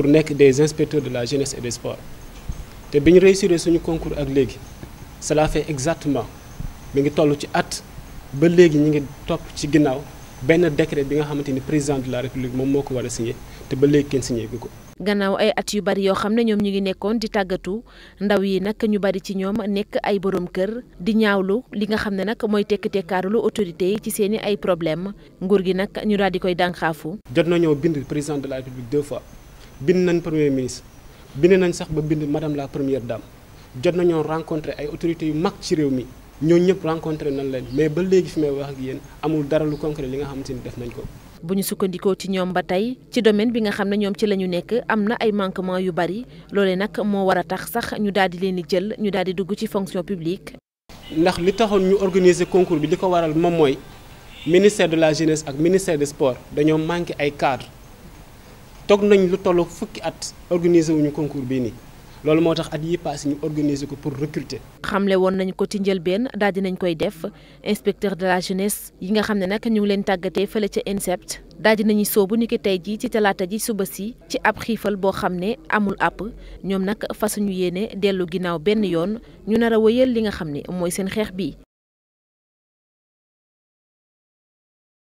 pour nekk des inspecteurs de la jeunesse et des sports te bi ñu réussir suñu concours ak léegi cela fait exactement mi ngi toll ci at ba léegi ñi ngi topp ci ginnaaw benn décret bi nga xamante ni président de la république moom moo ko war a signé te ba léegi kenn signé gu ko. gannaaw ay at yu bari yoo xam ne ñoom ñu ngi nekkoon di tàggatu ndaw yi nag ñu bari ci ñoom nekk ay borom kër di ñaawlu li nga xam ne nag mooy tekk-tekkaarulu autorité yi ci seen i ay problème nguur gi nag ñu daal di koy dànkaafu. jot na ñoo bind président de la république deux fois. bind nañ premier ministre bind nañ sax ba bind madame la première dame jot nañoo rencontrer ay autorités yu mag ci réew mi ñooñu ñëpp rencontré nañ leen mais ba léegi fi may wax ak yéen amul dara lu concret li nga xamante ni def nañ ko. bu ñu sukkandikoo ci ñoom ba tey ci domaine bi nga xam ne ñoom ci lañu nekk am na ay manquement yu bari loolee nag moo war a tax sax ñu daal di leen di jël ñu daal di dugg ci fonction publique. ndax li taxoon ñu organiser concours bi li ko waral moom mooy ministère de la jeunesse ak ministère des sports dañoo manqué ay cadres. toog nañ lu tolloo fukki at organiser wuñu concours bii loolu moo tax at yi passé ñu organiser ko pour recruter. xamle woon nañ ko ci benn daal dinañ koy def inspecteur de la jeunesse yi nga xam ne nak ñu ngi leen tàggatee fële ca INSEPT daal nañu soobu bu ki tey jii ci talaata ji suba si ci ab xiifal boo xam ne amul àpp ñoom nag fasuñu yéene dellu ginnaaw benn yoon ñu nar a wëyal li nga xam ne mooy seen xeex bii